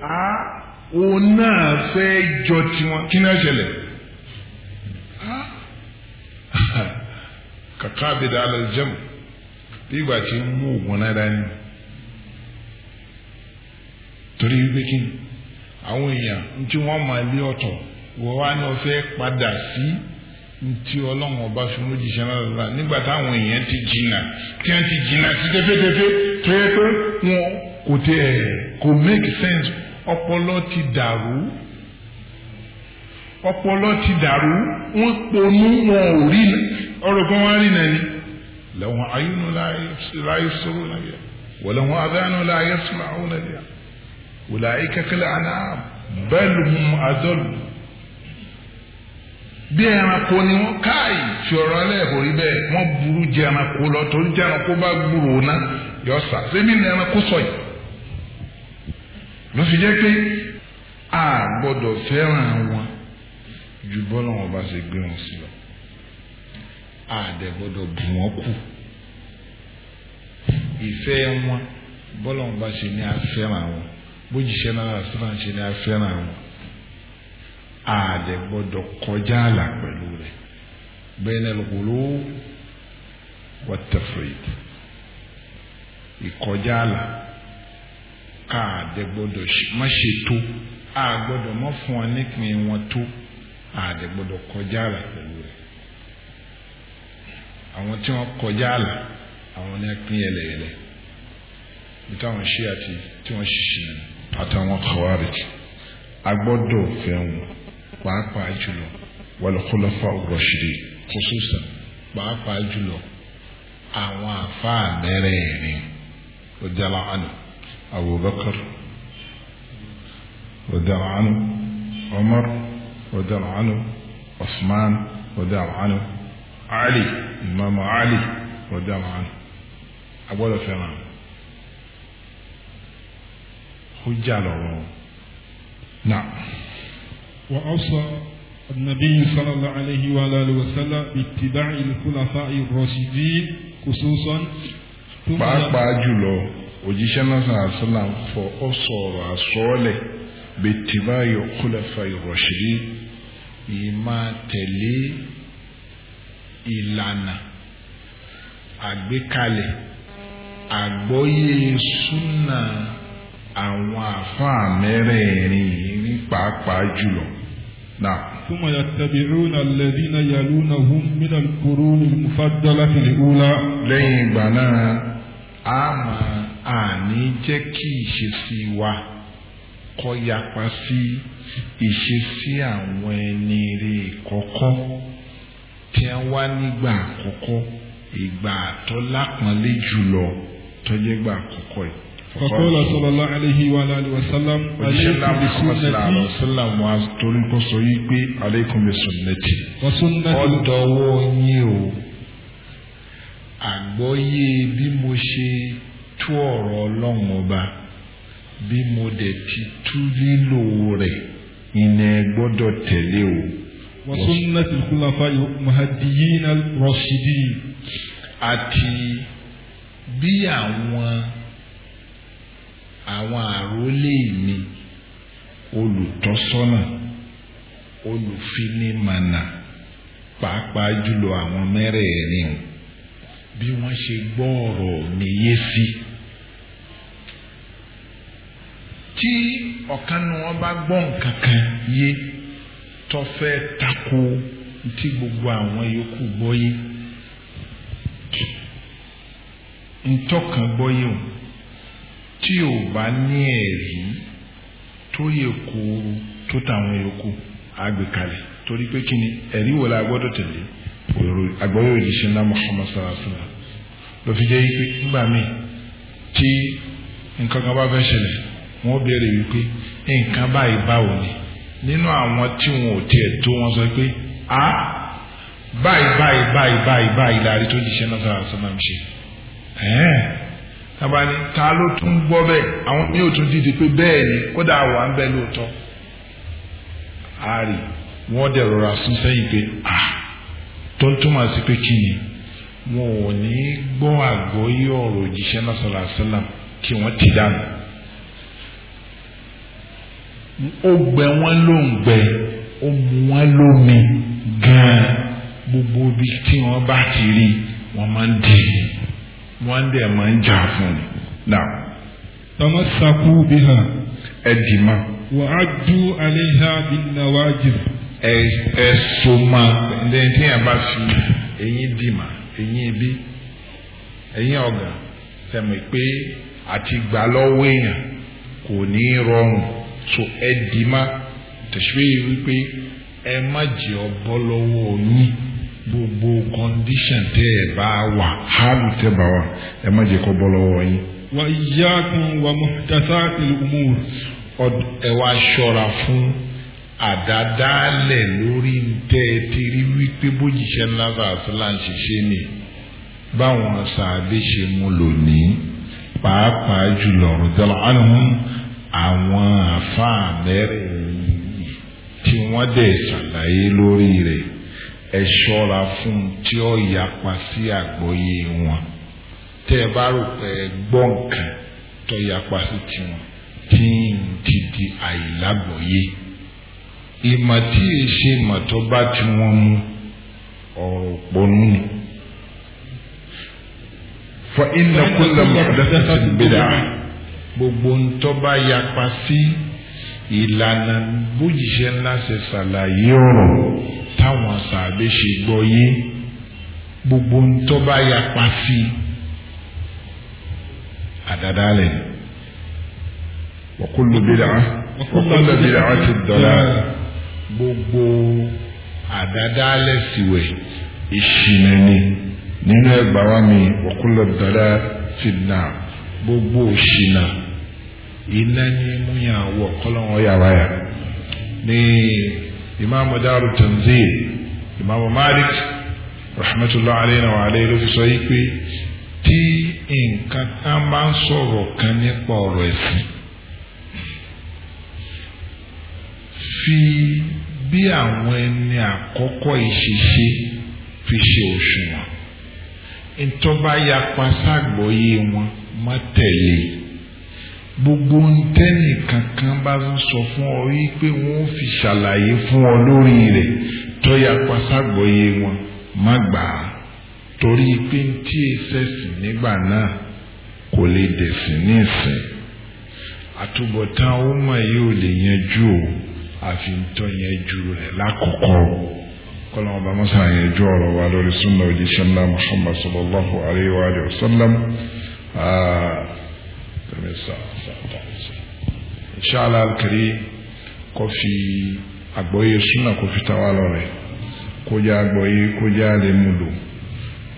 á ah, òun náà fẹ́ jọ tiwọn kí náà ṣẹlẹ̀ ah. kàkà àbẹ̀dẹ̀ alẹ́ jẹ́mu bí ìgbà tí ń mú ògùn náà dání torí wípé kí ni àwọn èèyàn ntí wọ́n máa lé ọ̀tọ̀ wọ́n wá ní ọ̀fẹ́ padà sí ntí ọlọ́run ọba fi mú jíṣẹ́ náà lọ́la nígbà táwọn èèyàn ti jìnnà tí wọ́n ti jìnnà sí tẹ́fẹ́tẹ́fẹ́ tó wọn kò tẹ ẹ̀ kò make sense ọpọlọ ti dàrú ọpọlọ ti dàrú wọ́n ponú wọn ò rí ọ̀rọ̀ kan wọ́n rí nàní lahum ayunun la yubsiruna biha wa lahum adhanun la yasma'una biha ulaika kal an'am bal hum bí ẹranko ni wọn káàyè tí ọ̀rọ̀ ẹlẹ́ẹ̀kọ́ rí bẹ́ẹ̀ wọ́n burú jẹ ẹranko lọ torí jẹ ẹranko bá gbúròó yọ ẹranko sọ yìí. ló fi jẹ́ pé a gbọ́dọ̀ fẹ́ràn wọn ju bọ́lá wọn bá ṣe gbé wọn sí lọ a dẹ̀ gbọ́dọ̀ bù wọ́n kù ìfẹ́ wọn bọ́lá wọn bá ṣe ní a fẹ́ràn wọn bójìṣẹ́ náírà sílá ṣe ní a fẹ́ràn wọn a dẹ̀ gbọ́dọ̀ kọjá àlà pẹ̀lú rẹ̀ bẹ́ẹ̀ni lùkùlù wọ́n tẹ̀fẹ̀ ìkọjá àlà a dẹ̀ gbọ́dọ̀ má ṣe tó a gbọ́dọ̀ má fún wọn nípìn wọn tó a dẹ̀ gbọ́dọ̀ kọjá àlà pẹ̀lú rẹ̀ àwọn tí wọ́n kọjá àlà àwọn ní pín yẹlẹyẹlẹ bí táwọn ṣe àti tí wọ́n ṣiṣì àtàwọn kọ̀wárìkì a gbọ́dọ̀ fẹ́ wọn pàápàá jùlọ wàlúkúlọ́fà ọ̀rọ̀ṣìrì khususan pàápàá jùlọ àwọn àfáà mẹ́rẹ̀ẹ̀rin ọjàlá àná. أبو بكر ودع عنه عمر ودع عنه عثمان ودع عنه علي إمام علي ودع عنه أبو فẹ́ràn خجاله نعم وأوصى النبي صلى الله عليه وآله وسلم باتباع الخلفاء الراشدين خصوصا بعد بعد جلو òjíṣẹ́ náà àṣàlà ń fọ ọ sọ̀rọ̀ àsọ́ọ̀lẹ̀ bẹ̀tìbáyọ̀ kúlẹ̀fà ìrọ̀ṣìlẹ̀ ìmá tẹ̀lé ìlànà àgbékalẹ̀ àgbọ́yé súnà àwọn àfáà mẹ́rẹ̀ẹ̀rin ní pàápàá jùlọ. ثم يتبعون الذين يلونهم من القرون المفضلة الأولى. lẹ́yìn ìgbà a máa àní jẹ́ kí ìṣesí wa kọ́ yapa sí ìṣesí àwọn ẹni rè kọ́kọ́ tí wọ́n wá nígbà àkọ́kọ́ ìgbà tó lápọ́nlé jùlọ tó jẹ́ gbà àkọ́kọ́ yìí. Fakọ́lá sọlọ́lá aláhi wa aláhi wa sálám. Oníṣẹ́lá Muhammad sallallahu alayhi wa sallam wa torí kó alaykum bi sunnati. Wọ́n sunnati àgbọ́yé bí mo ṣe tú ọ̀rọ̀ ọlọ́run ọba bí mo dẹ̀ ti tú lílò rẹ̀ ìnà ẹ gbọ́dọ̀ tẹ̀lé o. wa sunnatil khulafa'il mahdiyin ar-rashidin. àti bí àwọn àwọn àrólé mi olùtọ́sọ́nà olùfinimànà pàápàá jùlọ àwọn mẹ́rẹ̀ẹ̀rin o bí wọ́n ṣe gbọ́ ọ̀rọ̀ mi yé sí. tí ọ̀kan nu wọn bá gbọ́ nǹkan kan yé tó fẹ́ tako tí gbogbo àwọn yòókù gbọ́ yé ntọ́kan gbọ́ yé o tí ò bá ní ẹ̀rí tó yẹ kóró tó tàwọn yòókù àgbékalẹ̀ torí pé kí ni ẹ̀rí wo la gbọ́dọ̀ tẹ̀lé òru àgbáyé òjíṣẹ́ ńlá Muhammad sàlásìlá ló fi jẹ́ pé nígbà míì tí nǹkan kan bá fẹ́ ṣẹlẹ̀ wọ́n béèrè wípé nǹkan báyìí báwo ni nínú àwọn tí wọn ò tiẹ̀ tó wọn sọ pé a báyìí báyìí báyìí báyìí báyìí láàrin tó jíṣẹ́ náà sára sọ́nà ṣe ẹ̀ẹ́n tábà ní ta ló tún gbọ́ bẹ́ẹ̀ àwọn mi ò tún dìde pé bẹ́ẹ̀ ni kódà wà ń bẹ́ lóòótọ́ a rì wọ́n dẹ̀ sún sẹ́yìn pé a. Ah tó ń túmọ̀ sí pé kí ni wọn ò ní gbọ́ àgbọ́yé ọ̀rọ̀ òjíṣẹ́ náà sọ̀rọ̀ àṣálà kí wọ́n ti dànù ó gbẹ wọn ló ń gbẹ ó mu wọn lómi gan gbogbo ibi tí wọ́n bá ti rí máa ń dì í máa ń jà fún ẹ dì ẹ̀sùn ma ǹdẹ́ni tí bá fi eyín dị mà eyín ibi eyín ọ̀gà sẹ̀mí ati àti gbà èèyàn kò ní rọrùn tó ẹ dì wípé ẹ má jẹ́ ọbọ lọ́wọ́ yín gbogbo kọ́ndíṣàn tẹ́ bá wà hálù tẹ́ bá wà má àdádálẹ̀ lórí tẹ́ ẹ ti rí wípé bójìṣẹ́ ńláza àtúlà ń ṣiṣẹ́ ni báwọn sàádé ṣe mú lónìí pàápàá jùlọ rọ̀dọ́là ánùhùn àwọn àfáà mẹ́rẹ̀ yìí tí wọ́n dẹ̀ ṣàlàyé lórí rẹ̀ ẹ ṣọ́ra fún tí ó yapa sí àgbọ́yé wọn tẹ́ ẹ bá rò pé gbọ́ nǹkan tó yapa sí tiwọn tí ń ti di àìlágbọ́yé ìmọ̀ tí è ṣe ìmọ̀ tó bá ti wọ́n mu ọ̀rọ̀ pọ̀nú ni. fa inna kulla muhdathatin bid'ah gbogbo ntọ́ bá yapa sí ìlànà bójìṣẹ́ ńlá ṣe ṣàlàyé ọ̀rọ̀ táwọn sàbẹ̀ ṣe gbọ́ yé gbogbo ntọ́ bá yapa sí àdàdálẹ̀ wa kullu bid'ah wa kullu bid'atin gbogbo àdádálẹ̀ síwẹ̀ ìṣìnà ni nínú ẹgbà wa mi ọ̀kúnlọ̀ dada fìdínà gbogbo òṣìnà iná ní múyàn wọ̀ kọ́lọ́wọ́ ní ìmáàmù Daaru Tanzil ìmáàmù Malik rahmatullahi alayhi wa alayhi ló fi sọ yí pé tí nǹkan kan bá ń sọ̀rọ̀ kan nípa ọ̀rọ̀ ẹ̀sìn. fi bí àwọn ẹni àkọ́kọ́ ìṣiṣẹ́ fi ṣe òṣùwọ̀n ntọ́ba yapa ságbọ́yé wọn má tẹ̀lé gbogbo ntẹ́nì kankan bá ń sọ fún ọ yí pé wọ́n fi ṣàlàyé fún ọ lórí rẹ̀ tọ́ yapa ságbọ́yé wọn má gbà á torí pé ntí ẹsẹ̀sìn nígbà náà kò lè dẹ̀sìn ní ìsìn àtúbọ̀tán ó mà yóò lè yanjú o. àfi ntọ́ yẹn ju rẹ̀ lákọ̀ọ́kọ́ kọ́lọ́mù bá mọ́sá yẹn ju ọ̀rọ̀ wa lórí súnà òjíṣẹ́ ńlá Muhammad sallallahu alayhi wa alihi wa sallam inṣàlá kiri kò fi àgbọ́yé súnà kò fi tàwa lọ́rẹ̀ kó jẹ́ àgbọ́yé kó jẹ́ àlè mú lò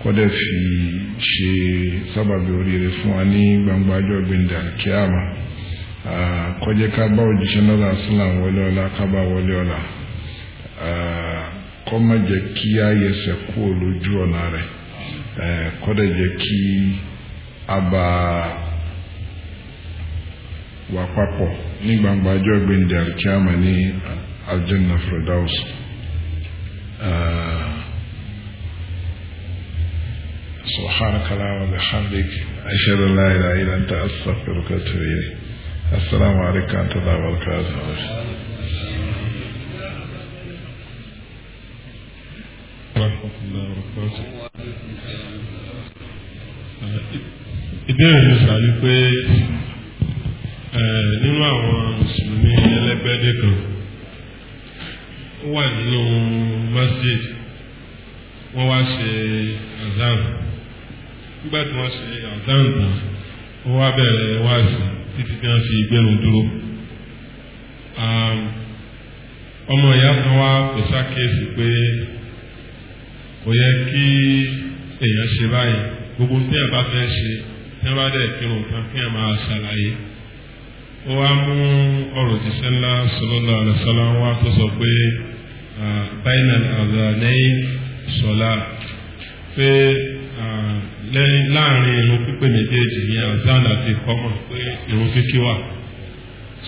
kọ́dẹ̀ fi ṣe sábàbí oríire fún wa ní gbangba ọjọ́ gbẹ̀ndà kíámà kọjá ká bá òjíṣẹ́ náà làásìlám wọlé ọlá ká bá wọlé o kọ́ má jẹ́ kí á yẹsẹ̀ kú lójú ọ̀nà rẹ̀ kọ́dà jẹ́ kí a bá wà papọ̀ ní gbangba ọjọ́ gbẹ̀ndẹ̀ alikiyama ní aljanna firdaus. سبحانك اللهم وبحمدك أشهد أن لا إله إلا أنت أستغفرك وأتوب إليك السلام عليكم ورحمة الله وبركاته ورحمة الله وبركاته ìbéèrè mi sà ni pé nínú àwọn mùsùlùmí ẹlẹ́gbẹ́dẹ́ kan ó wà nínú masjid wọ́n wá ṣe azan nígbà tí wọ́n ṣe azan tán wọ́n wá bẹ̀rẹ̀ wáàsí títí tí wọ́n fi gbẹ̀rún dúró. Um, ọmọ ìyá kan wá kò ṣàkíyèsí pé kò yẹ kí èèyàn ṣe báyìí gbogbo tí ẹ bá fẹ́ ṣe tí wọ́n bá dẹ̀ kírun kan kí ẹ máa ṣàlàyé. ó wá mú ọ̀rọ̀ òjíṣẹ́ ńlá sọlọ́lá àlùsọ́lá wá tó sọ pé báyìí náà sọlá pé láàrin irun pípé méjèèjì ní azan àti kọ́mọ̀ pé irun kíkí wà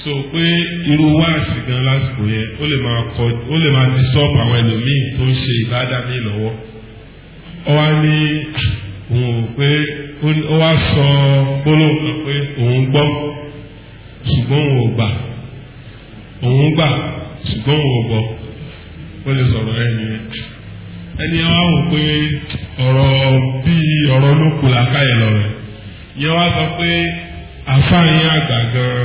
so pé irú wáàsì gan lásìkò yẹn ó lè máa kọ ó lè máa disturb àwọn ẹlòmíì tó ń ṣe ìbádà mi lọ́wọ́ ó wá ní òun ò pé ó wá sọ gbólóhùn kan pé òun gbọ́ ṣùgbọ́n òun ò gbà òun gbà ṣùgbọ́n òun ò gbọ́ ó lè sọ̀rọ̀ ẹ̀ nìyẹn ẹni ẹ wá wò pé ọ̀rọ̀ bíi ọ̀rọ̀ olókùn làákàyè lọ́rẹ̀ yẹn wá sọ pé àfáàyàn àgbà gan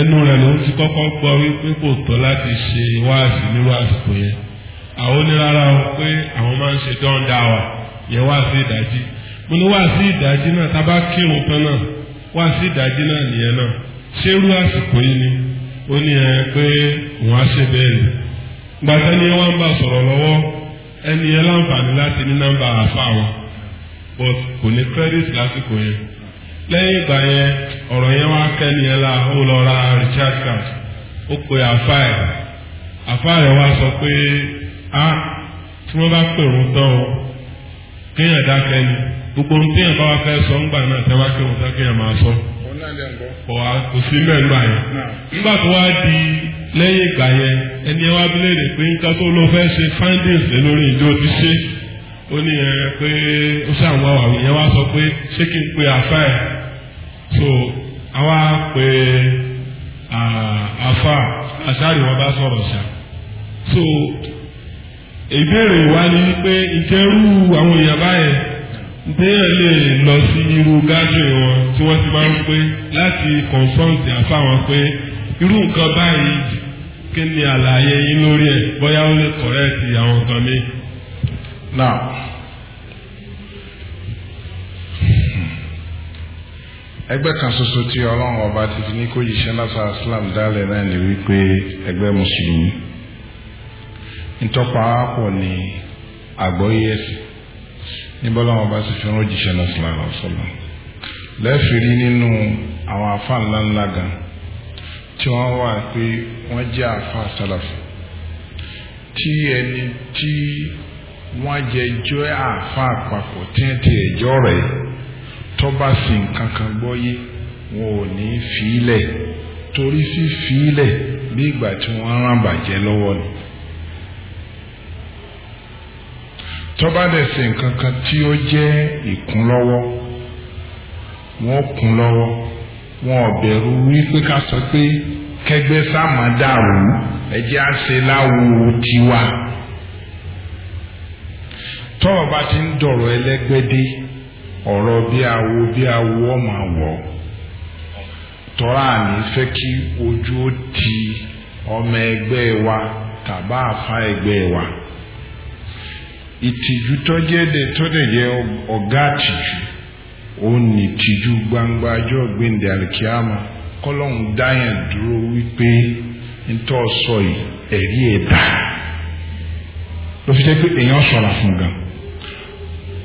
ẹnu rẹ̀ ló ń ti kọ́kọ́ gbọ́ wípé kò tọ́ láti ṣe wáàsí nírú àsìkò yẹn àwọn onírárá wọn pé àwọn máa ń ṣe dọ́ńdà wà yẹn wáàsí ìdájí mo ní wáàsí ìdájí náà tá a bá kírun tán náà wáàsí ìdájí náà nìyẹn náà ṣé irú àsìkò yìí ni ó ní ẹ pé òun á ṣe bẹ́ẹ̀ ni gbàtẹ́ ni wọ́n ń bá sọ̀rọ̀ lọ́wọ́ ẹni yẹn lati láti ní nọ́mbà àfa wọn but kò ní credit lásìkò yẹn lẹ́yìn ìgbà yẹn ọ̀rọ̀ yẹn wá kẹ́ni yẹn la ó lọ ra ó pe àfa àfa wá sọ pé a tí bá pè òun tán o kéèyàn ni gbogbo ohun téèyàn bá wá sọ ńgbà náà tẹ́ wá ma tán kéèyàn máa sọ kò sí nígbà tó wá lẹ́yìn ìgbà yẹn ẹni wá bí léèrè pé nǹkan tó ló fẹ́ ṣe findings lé lórí ìlú ó ti ṣe ó ní ẹ pé ó ṣàwọn àwọn yẹn wá sọ pé ṣé kí n pe àfa ẹ̀ so àwa pe àfa àṣàrì wọn bá sọ̀rọ̀ ṣá so ìbéèrè wa ni pé ìjẹ́rú àwọn èèyàn báyẹn déèyàn lè lọ sí irú gádùn wọn tí wọ́n ti máa ń pé láti consult àfa wọn pé. irú nǹkan báyìí kí ni àlàyé yín lórí e, bóyá ó lè kọ̀rẹ́ẹ̀tì àwọn nǹkan mi. ẹgbẹ́ kan ṣoṣo tí ọlọ́run ọba ti fi ní kó yìí ṣẹlá sa islam dálẹ̀ náà ni wípé ẹgbẹ́ mùsùlùmí ntọ́pa ní ọba ti fi rán òjìṣẹ́ náà sílára ọ̀sọ́lá lẹ́ẹ̀fì rí nínú àwọn ńlá gan tí wọ́n wà pé wọ́n jẹ́ àfa sálàfù tí ẹni tí wọ́n jẹ jọ àfa àpapọ̀ tí wọ́n ti ẹ̀jọ́ rẹ̀ tó bá sì nǹkan kan gbọ́ yé wọn ò ní fi í torí fífi í bí ìgbà tí wọ́n rán bàjẹ́ lọ́wọ́ ni. tọ́ba dẹ̀ ṣe tí ó jẹ́ ìkún wọ́n kún lọ́wọ́ wọn ò bẹ̀rù wípé ká sọ pé kẹgbẹ́ sáàmà dàrú ẹjẹ́ á ṣe láwo tiwa tọ́rọ̀ bá ti ń dọ̀rọ̀ ẹlẹ́gbẹ́dé ọ̀rọ̀ bí awo bí awo ọmọ àwọ̀ tọ́ra àní fẹ́ kí ojú ó ti ọmọ ẹgbẹ́ wa tàbá àfa ẹgbẹ́ wa ìtìjú tọ́jẹ́ dẹ̀ tọ́jẹ́ jẹ́ ọ̀gá àtìjú òun ní tìjú gbangba ajọ́ gbẹ̀ndẹ̀ àlìkíyàmà kọ́lọ́hún dáyàn dúró wípé ntọ́ sọ yìí ẹ̀rí ẹ̀dá ló fi jẹ́ pé èèyàn ṣọ́ra fún gan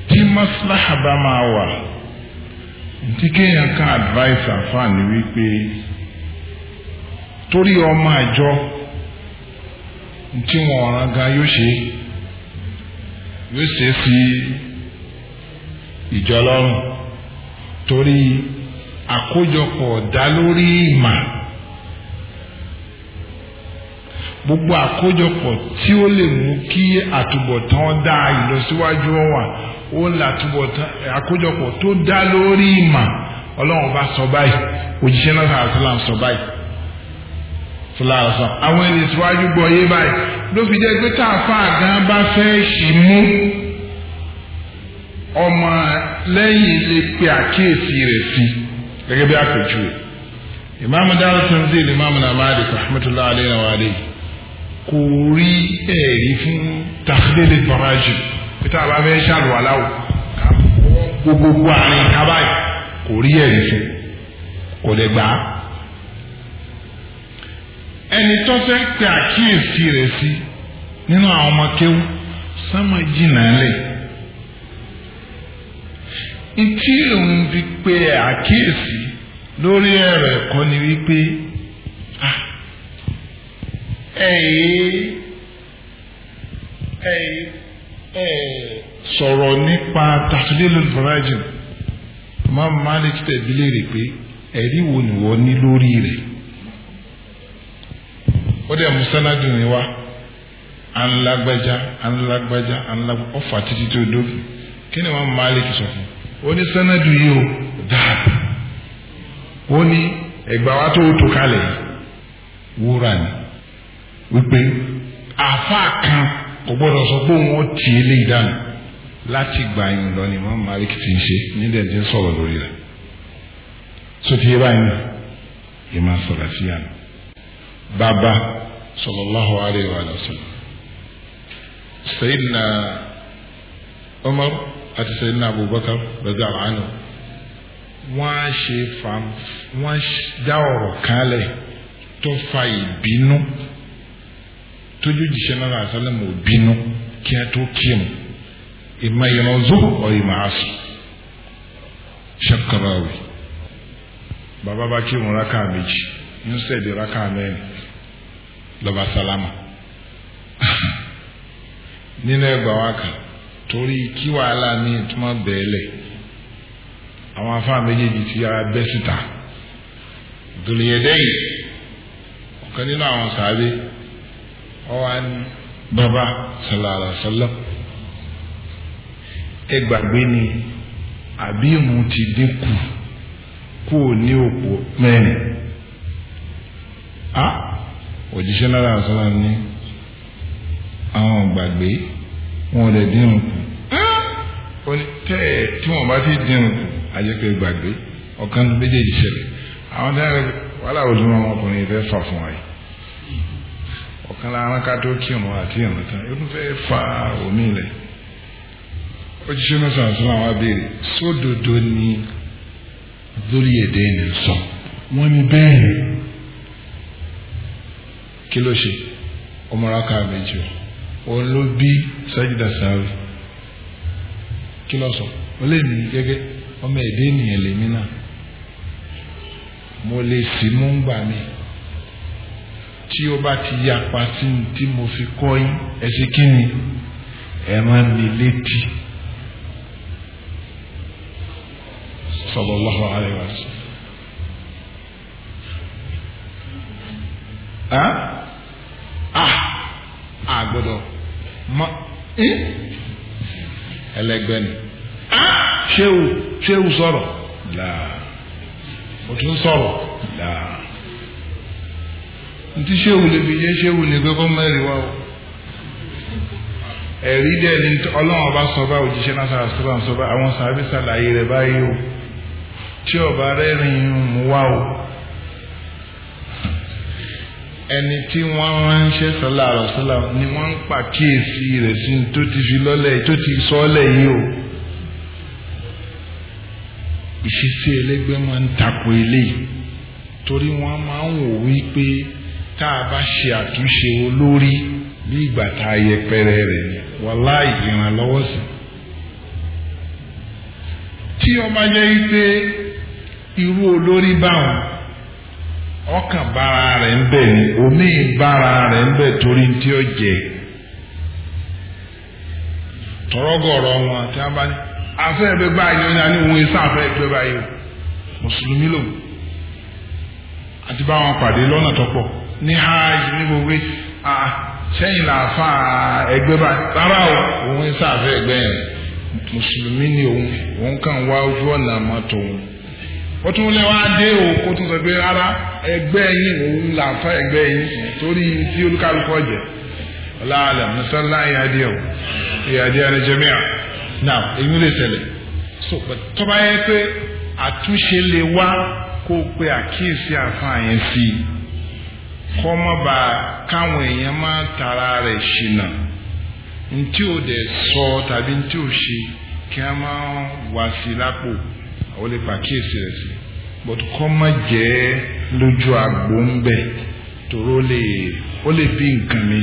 tí maslaha bá máa wà ntí kéèyàn kan advice àfààní wípé torí ọmọ àjọ tí wọn ọ̀ràn yóò ṣe yóò ṣe torí àkójọpọ̀ dá lórí ìmà gbogbo àkójọpọ̀ tí ó lè mú kí àtúbọ̀tán dá ìlọsíwájú wà ó ń la àtúbọ̀tán àkójọpọ̀ tó dá lórí ìmà ọlọ́run bá sọ báyìí òjíṣẹ́ náà sàrásílám sọ báyìí sọláàsán àwọn ẹni ìsíwájú gbọ́ yé báyìí ló fi jẹ́ pé tá a fa àgán bá fẹ́ ṣì mú ọmọ lẹ́yìn lè pe àkíyèsí rẹ̀ sí gẹ́gẹ́ bí àpèjúwe ìmáàmù dáhùn tanzil ìmáàmù náà máa di rahmatulah aleyhi wa aleyhi kò rí ẹ̀rí fún tàkìlélẹ̀ faraji pété àbá fẹ́ ṣàlùwàlá o gbogbogbò àárín kábàáyì kò rí ẹ̀rí fún kò lè gbà á ẹni tó fẹ́ pe àkíyèsí rẹ̀ sí nínú àwọn ọmọ kéwú sọ́mọ jìnnà lẹ́yìn. ntí òun fi pe àkíyèsí lórí ẹ̀rọ ẹ̀kọ́ ni wípé ah, sọ̀rọ̀ nípa tàfílẹ́lẹ̀ virgin máa Malik tẹ̀bí léèrè pé ẹ̀rí wo ni wọ́n ní lórí rẹ̀ ó dẹ̀ musanadu ni wá anlágbájá anlágbájá anlágbájá ọ̀fà títí tó dófin kí ni wọ́n Malik sọ fún un. Onye ní sanadu yìí o dáàb ó ní wa tó tó kalẹ̀ wúrà ni wípé àfa kan kò gbọdọ̀ sọ pé òun ó lé ìdáná láti lọ ni ti ń ṣe nílẹ̀ ti ń sọ̀rọ̀ lórí rẹ̀ yé báyìí sọ̀rọ̀ sí àti sẹ́yìn náà Abubakar rẹ̀dà àánú wọ́n á ṣe fa wọ́n dá ọ̀rọ̀ kálẹ̀ tó fa ìbínú tójú jìṣẹ́ náà àsálẹ̀mù òbínú kí ẹ tó kí mu ìmọ̀ ìrànzó ọ̀ ìmọ̀ àṣù ṣẹ́kọ̀rọ̀wì bàbá bá kí mu rákà méjì nísẹ̀dẹ̀ rákà mẹ́rin lọ́ba sálámà nínú ẹgbàá wa torí kí wàhálà ní ìtumọ̀ bẹ̀ẹ́lẹ̀ àwọn afáà méjèèjì ti yára bẹ́ síta dùnìyẹ̀dẹ́yìn ọ̀kan nínú àwọn sàábé ọwọ́ á ní bàbá sàlàlà sàlọ́ ẹ gbàgbé ni àbí ìmú ti dínkù kú ní òpó mẹ́rin a òjíṣẹ́ lára àṣọ ní àwọn gbàgbé wọn ò lè dínkù ó ní tẹ́ ẹ̀ tí wọ́n bá ti dẹrùn kù ajẹ́pẹ́ gbàgbé ọ̀kan méjèèjì ṣẹlẹ̀ àwọn dáhùn wàhálà òdùnú àwọn ọkùnrin ìfẹ́ fà fún wa yìí ọ̀kan lára ká tó kírun àti ìrìn tán irúfẹ́ fa omi ilẹ̀ òjíṣẹ́ náà sàn sún àwọn abéèrè sódodo ni lórí èdè ni sọ wọ́n ní bẹ́ẹ̀ kí ló ṣe ọmọ raka méjì ó ló bí sájídà sáré kí lọ sọ ó lè mí gẹ́gẹ́ ọmọ èdè ènìyàn lèmi náà mo lè sì mú ń gbà mí tí ó bá ti yapa sí ní tí mo fi kọ́ yín ẹ ṣe kí ni ẹ máa ń lè létí sallallahu alaihi wasallam. Ah! a a ẹlẹgbẹ́ ni ṣéwù ṣéwù sọ̀rọ̀ làá o tún sọ̀rọ̀ làá ntí ṣéwù lè fi jẹ́ ṣéwù ní pé kó mẹ́rin wá o ẹ̀rí dẹ̀ ni ọlọ́run ọba sọ bá òjíṣẹ́ náà sára sọ bá àwọn sàbí sàlàyé rẹ̀ báyìí o tí ọba rẹ̀ rìn mú wá o ẹni tí wọ́n ránṣẹ́ sọ́lá àrọ̀sọ́lá ni wọ́n ń pàkíyèsí rẹ̀ sí tó ti fi lọ́lẹ̀ tó ti sọ́ọ́lẹ̀ yìí o ìṣesí ẹlẹ́gbẹ́ máa ń tako eléyìí torí wọ́n máa ń wò wípé tá a bá ṣe àtúnṣe olórí bí ìgbà tá a yẹpẹrẹ rẹ̀ ni wàlá ìrànlọ́wọ́ sí. tí ó bá jẹ́ wípé irú olórí báwọn ọkàn bára rẹ̀ ń bẹ̀ ni omi bára rẹ̀ ń bẹ̀ torí tí ó jẹ tọrọgọrọ wọn tí wọn bá ní afẹ ẹgbẹ báyìí ó ní àní òun iṣẹ afẹ ẹgbẹ báyìí o mùsùlùmí lòun àti báwọn pàdé lọ́nà tó pọ̀ ní hajj ní gbogbo ah sẹ́yìn làáfà ẹgbẹ́ báyìí rárá o òun iṣẹ afẹ yẹn mùsùlùmí ni òun òun kàn wá ojú ọ̀nà àmọ́ tòun ó tún lé wá dé o kó tún sọ pé rárá ẹgbẹ́ yín òun là fún ẹgbẹ́ yín torí tí olúkálukú ọ̀jẹ̀ ọ̀làlẹ̀ mùsàlá ìyáde ọ̀ ìyáde ẹni jẹ́míà now èyí ló lè ṣẹlẹ̀ so tó bá yẹ pé àtúnṣe lè wá kó o pe àkíyèsí àfáà yẹn sí i kọ́ mọ́ bá káwọn èèyàn máa tara rẹ̀ ṣìnà ntí o dẹ̀ sọ tàbí ntí o ṣe kí a máa wá sí i lápò ó lè pàkíyèsí rẹ̀ sí but kọ́ má jẹ́ lójú àgbo ń bẹ̀ torí ó lè ó lè bí nǹkan mi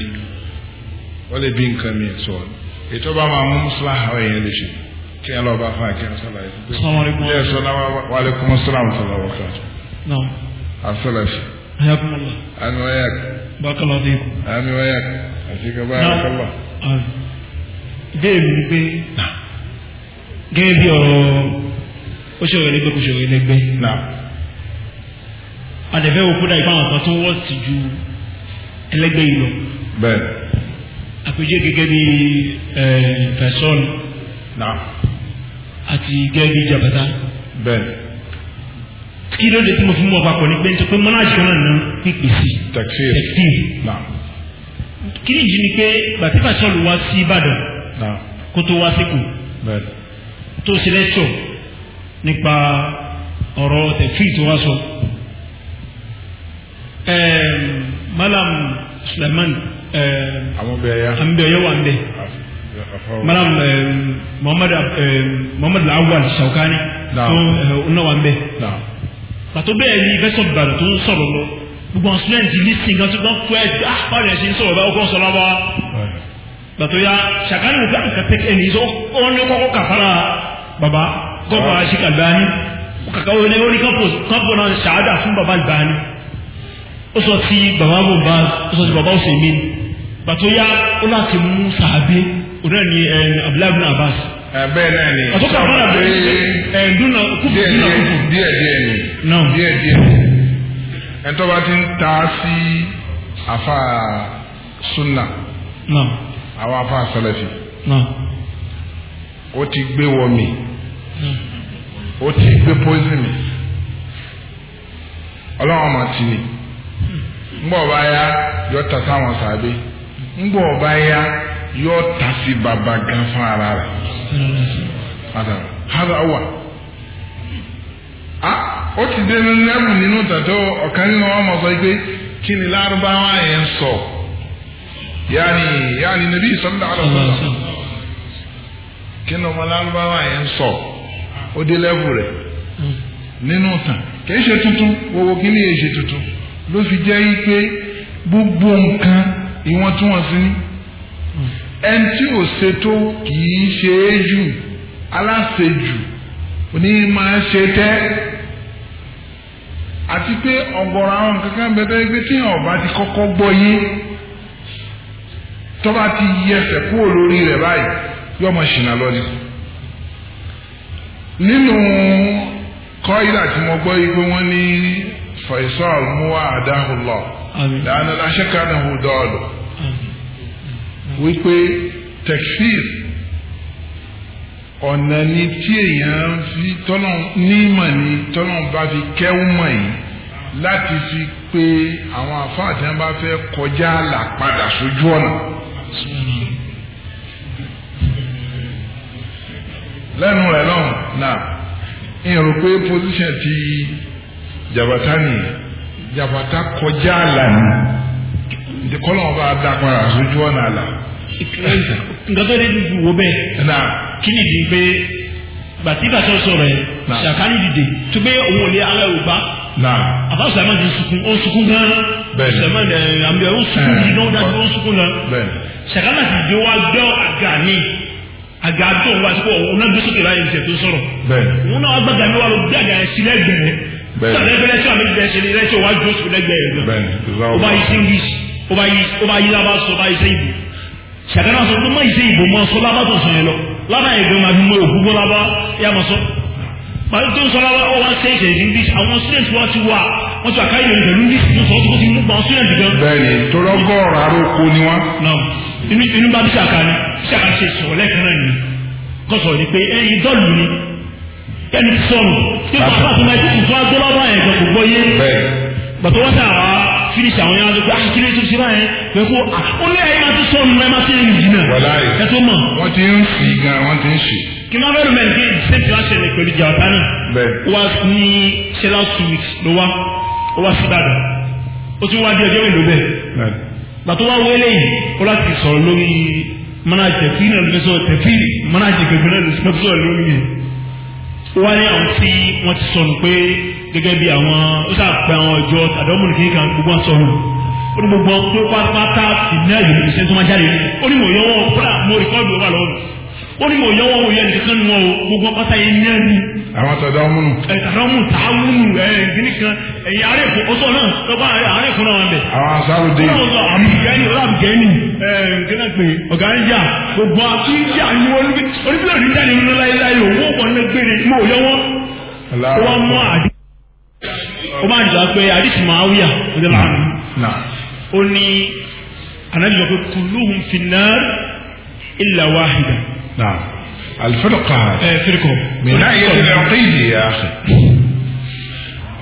ó lè bí nǹkan mi sọ ètò bá máa mú mùsùlùmí àwọn èèyàn lè ṣe kí ẹ lọ bá fún akẹ́kọ̀ọ́ sálàyé. sọmọlẹ́kùn ẹ̀ sọ náà wà lẹ́kùn sọ́làmù sọ̀rọ̀ wọ́kà. náà. asalafi. ayakumala. ami wayak. bákàlà ọdún ikú. ami wayak. àti kaba ayakumala. bẹ́ẹ̀ mi ni pé gẹ́gẹ́ ọ̀rọ̀ ó ṣe òyìnbó kò ṣe òyìnbó là àdẹ̀fẹ́ òkúta ìpá àwọn kan tó wọ́ sí ju ẹlẹ́gbẹ́ yìí lọ. bẹ́ẹ̀. àpèjẹ gẹ́gẹ́ bí fẹ̀sọ́n. là. àti gẹ́gẹ́ bí jabata. bẹ́ẹ̀. kí ló dé tí mo fi mú ọ papọ̀ ní pé nítorí pé mọ́nà àjẹkọ́ náà pípé sí. tẹ̀kísì. tẹ̀kísì. kí ni ìjì ni pé bàtí fẹ̀sọ́n wá sí Ìbàdàn. kó tó wá sí bẹ́ẹ̀. tó ṣe lẹ́tọ̀ nípa ọ̀rọ̀ tẹ̀fí tó wá sọ. malam Suleiman amúbẹ̀yẹ wà nbẹ malam Muhammad Muhammad Lawal Shawkani ọ̀nà wà nbẹ. pàtó bẹ́ẹ̀ ni bẹ́ẹ̀ sọ̀rọ̀ ìbàdàn tó ń sọ̀rọ̀ lọ gbogbo àwọn students ní sin kan tó gbọ́n fún ẹ̀ dá báyìí ẹ̀ ṣe ń sọ̀rọ̀ báwo kó ń sọ̀rọ̀ wá. pàtó ya Shawkani wò fún àkàtà ó ní kọ́kọ́ kàfàrà bàbá gwamna shi kalbani kuka kawo ne wani kamfo na shahada fún baba albani ó sọ ti baba bomba ó sọ ti baba osemin bàtó yá ó láti mú sàbẹ òun náà ni eh, abdullahi bin abbas. Eh, bẹ́ẹ̀ náà ni àtúkà fún abdullahi duna kúkú duna kúkú. díẹ̀ díẹ̀ ni díẹ̀ díẹ̀ ni ẹ̀ńtọ́ bá ti ń ta sí afa sunna àwọn afa salafi ó ti gbé wọ mi. O ti gbé pósí mi ọlọ́wọ́n máa ti ni ngbọ́ ọba ya yọ ta sáwọn sàbẹ ngbọ́ ọba ya yọ ta baba gan fún ara ti dé lẹ́bù nínú tàtó ọ̀kan nínú wọn sọ pé kí ni lárúbáwá yẹn sọ yaani yaani nabi kí ni ọmọ lárúbáwá yẹn ń sọ. ó dé lẹ́bù rẹ̀ nínú tàn kì í ṣe tuntun owó kí ni èyí ṣe tuntun ló fi jẹ́ yí pé gbogbo nǹkan ìwọ̀ntúnwọ̀nsí ni ẹni tí ò ṣètò kì í ṣe é jù aláṣejù òní máa ṣe tẹ́ àti pé ọ̀gọ̀rọ̀ àwọn nǹkan bẹ́ẹ̀ pé tí ọba ti kọ́kọ́ gbọ́ yé tọ́ba ti yẹsẹ̀ kúrò lórí rẹ̀ báyìí yóò máa ṣìnà lọ́dún nínú kọ́ìlà tí mo gbọ́ yìí pé wọ́n ní Faisal muwa adahulọ lànà aṣẹ́kànnà hudọ́ọ̀lù wípé tekfir ọ̀nà ni tí èèyàn fi tọ́nà nímọ̀ ni tọ́nà bá fi kẹ́wọ́ mọ̀ yìí láti fi pé àwọn àfáà bá fẹ́ kọjá là padà sójú ọ̀nà. lẹ́nu rẹ̀ lọ́hùn náà ìyẹn rò pé position ti jàbátá ni jàbátá kọjá àlà ni kọ́lọ́n bá dá padà sójú ọ̀nà àlà. nǹkan tó dé dùdú wo bẹ́ẹ̀ kí ni ìdí pé bàtí bàtí ó sọ̀rọ̀ ẹ̀ ṣàkánì dìde tó gbé òun ò lé ara ò bá àbá sàmán ti sunkún ó sunkún gan sàmán ẹ̀ àmì ẹ̀ ó sunkún yìí eh, náà ó dájú ó sunkún gan ṣàkánì àga tó wá sí pọ̀ òun náà gbé sókè láyé ìṣẹ̀ tó sọ̀rọ̀ òun náà gbàgbà mi wà ló bí àga ẹ̀sìn lẹ́gbẹ̀ẹ́ sọ̀rọ̀ ẹ̀sìn àmì ìgbẹ̀sẹ̀ ni ẹ̀sìn wá jó sùn lẹ́gbẹ̀ẹ́ ọba ìṣe english ọba yìí lábá sọ ọba ìṣe ìbò ṣàkánná sọ pé mọ ìṣe ìbò mọ sọ lábá tó sọ yẹn lọ lábá ìgbẹ́ máa fi mọ òkú bọ́ lábá yá máa sọ bàbá tó ń sọ wá wá ṣe é ṣe english àwọn students wa ti wà wọ́n ti àkáyé ìrìn pẹ̀lú english ní sọ́ọ́ tó ti mú pa student gan. bẹ́ẹ̀ni torọgọ ọ̀rọ̀ aróko ni wọn. inú inú bá bísí àká ni bísí àká ṣe sọ̀rọ̀ lẹ́ẹ̀kan náà ni kò sọ̀rọ̀ ni pé ẹyin dọ́ọ̀lù ni ẹni sọ̀rọ̀ tí wọ́n bá fún ẹtí tuntun agbọ́lọ́wọ́ ẹ̀ gan gbọ́ yé. bàtọ́ wọ́n sà wá finish àwọn yàrá pé akílẹ̀ ah, tó ti báyẹn pé kó ah, ó ní ẹ̀yin máa ti sọ̀rọ̀ ẹ̀ máa ti ń jìnnà ẹ̀ tó mọ̀. wọ́n ti ń fi gan wọ́n ti ń ṣe. Kìlọ́fẹ́rùmẹ̀ntì kejì ṣé tí wọ́n ṣe ní pẹ̀lú ìjà ọ̀tá náà. Bẹ́ẹ̀. Wá ní ṣe last two weeks ló wá ó wá sí Ìbàdàn. Ó tún wá di ọjọ́ ìlú bẹ́ẹ̀. Bẹ́ẹ̀. Gbàtó wá wọlé yìí ó láti sọ̀rọ̀ lórí mana tẹ̀fí náà lórí sọ̀rọ̀ tẹ̀fí mana jẹ̀gbẹ̀ náà lórí sọ̀rọ̀ lórí yẹn. Wá ní àwọn tí wọ́n ti sọnù pé gẹ́gẹ́ bí àwọn ó ṣàpẹ́ àwọn ọjọ́ àdọ́mùnì kékeré gbogbo àsọ̀rọ̀ ó ní gbogbo pátá ìdílé àyè ìṣẹ́ tó máa jáde ó ní mò ń yọ ó ní mo yẹ wọn o yẹ nìkan nu wọn o gbogbo pátá yẹn ní ẹnu. àwọn tọ̀dọ̀ ọmúnú. ẹ tọ̀dọ̀ ọmú tààmúnú ẹ gíní kan ẹ̀yà àárẹ̀ fún ọsọ náà lọ́ba àárẹ̀ fún náà wọn bẹ̀. àwọn asáwò dé. ọlọ́run sọ àmùgẹ́ni ọlọ́àmùgẹ́ni ẹ gẹ́gẹ́ ó ní anájọ́ pé kùlùhùn fìnnà ìlà wáhìdà. نعم الفرقة فرقة من ناحية العقيدة يا أخي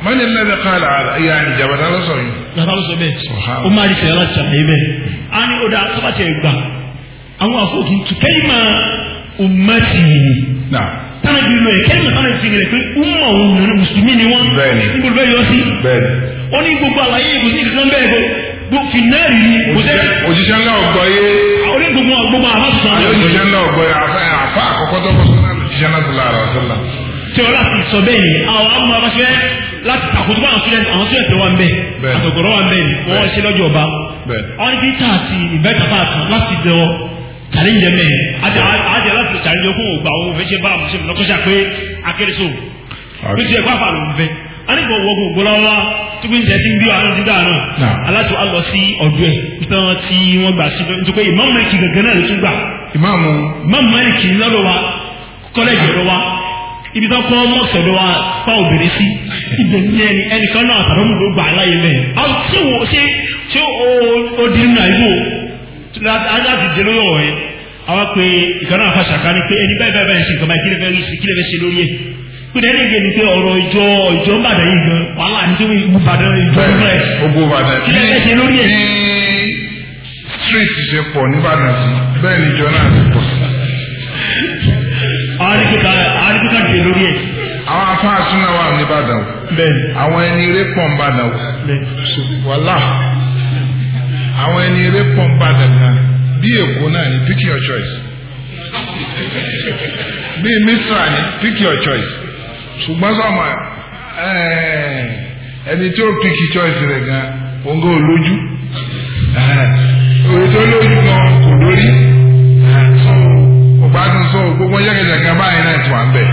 من الذي قال على يعني jaba ta lọsọ yìí. jaba lọsọ bẹ́ẹ̀ o máa di fẹrẹ láti ṣàlàyé bẹ́ẹ̀ a ní o da sábàtì ẹgbà àwọn afọkì tù kẹlímà ọmọtì yìí. táwọn ìdílé lọ yẹ kẹlímà táwọn ìdílé rẹ pé ọmọ òun mùsùlùmí ni wọn. bẹ́ẹ̀ni níbo bẹ́ẹ̀ yọ sí. bẹ́ẹ̀ni. ó ní gbogbo àlàyé ìgbésí ìdílé bẹ́ẹ̀ bọ fi náà rí ni. òṣìṣẹ́ ńlá ọgbọ yé. orí gbogbo gbogbo àwọn sọ. òṣìṣẹ́ ńlá ọgbọ yé àfa àkọ́kọ́ tó kọ́ sọ́nà òṣìṣẹ́ ńlá sọ́nà àrà sọ́nà. tí ọlá ti sọ bẹ́ẹ̀ ni àwọn amúra bá ṣe láti àkójọba àwọn student àwọn student wa ń bẹ àtọ̀gọ̀rọ̀ wa ń bẹ ni wọ́n ṣe lọ́jọ́ ọba. ọ̀rẹ́ ti ta àti ìbẹ́ta bá a kan láti dẹ ọ challenge mẹ àti aláti challenge okun ògbà òun fẹ́ ṣe bá àmúṣe lọ́kọ́ṣà pé akérésò ó ti ẹ̀kọ́ àfàlù ń fẹ́ arígbọ̀ wọgbọ̀ gbọ́láwá tó bí ń jẹ́ tí ń bí àrùn dídá náà aláṣọ á lọ sí ọ̀dọ̀ ẹ̀ tán tí wọ́n gbà sí nítorí pé ìmáàmù Málíkì gẹ̀gẹ́ náà ló tún gbà. ìmáàmù ìmáàmù Málíkì lọ́dọ̀ wa kọ́lẹ́jì ọ̀dọ̀ wa ibi tán kọ́ mọ́ sọ̀dọ̀ wa pa obìnrin sí ibẹ̀ ní ẹni ẹnìkan náà àtàrọ́mù ló gbà láyé mẹ́ẹ̀. àwọn tí wo ṣé ṣé ó di nínú àyíwò láti dé lóyún ọ̀rẹ́ àwọn pé ìkànnà àfàṣàkà ni pé ẹni báyìí báyìí báyìí ṣe nǹkan báyìí kí lè fẹ́ ṣe lórí ẹ̀ kúndé ní ìgbè ní pé ọ̀rọ̀ ìjọ ìjọ ńbàdàn yìí gan wàhálà nítorí ìbàdàn ìjọ ńbàdàn. ogun ìbàdàn bí bí street ṣe pọ̀ nìbàdàn sí bẹ́ẹ̀ ni ìjọ náà ti pọ̀ sí. àríkíkà dé lórí ẹ̀. àwọn afáàsùn náà wà nìbàdàn o. bẹ́ẹ̀ni. àwọn ẹni eré pọ̀ ń bàdàn o. bẹ́ẹ̀ni. wàhálà àwọn ẹni eré pọ̀ ń bàdàn gan bí èkó náà ni pick your choice bí misra ni pick your choice ṣùgbọ́n sọ̀mọ́ eh, ẹni tí ó pìkì choice rẹ̀ gan òun gan olójú eh, òye tó lójú gan kò lórí eh, ọgbàdùn sọ gbogbo jẹ́gẹ̀jẹ̀gẹ̀ báyìí náà ti wà ń bẹ̀.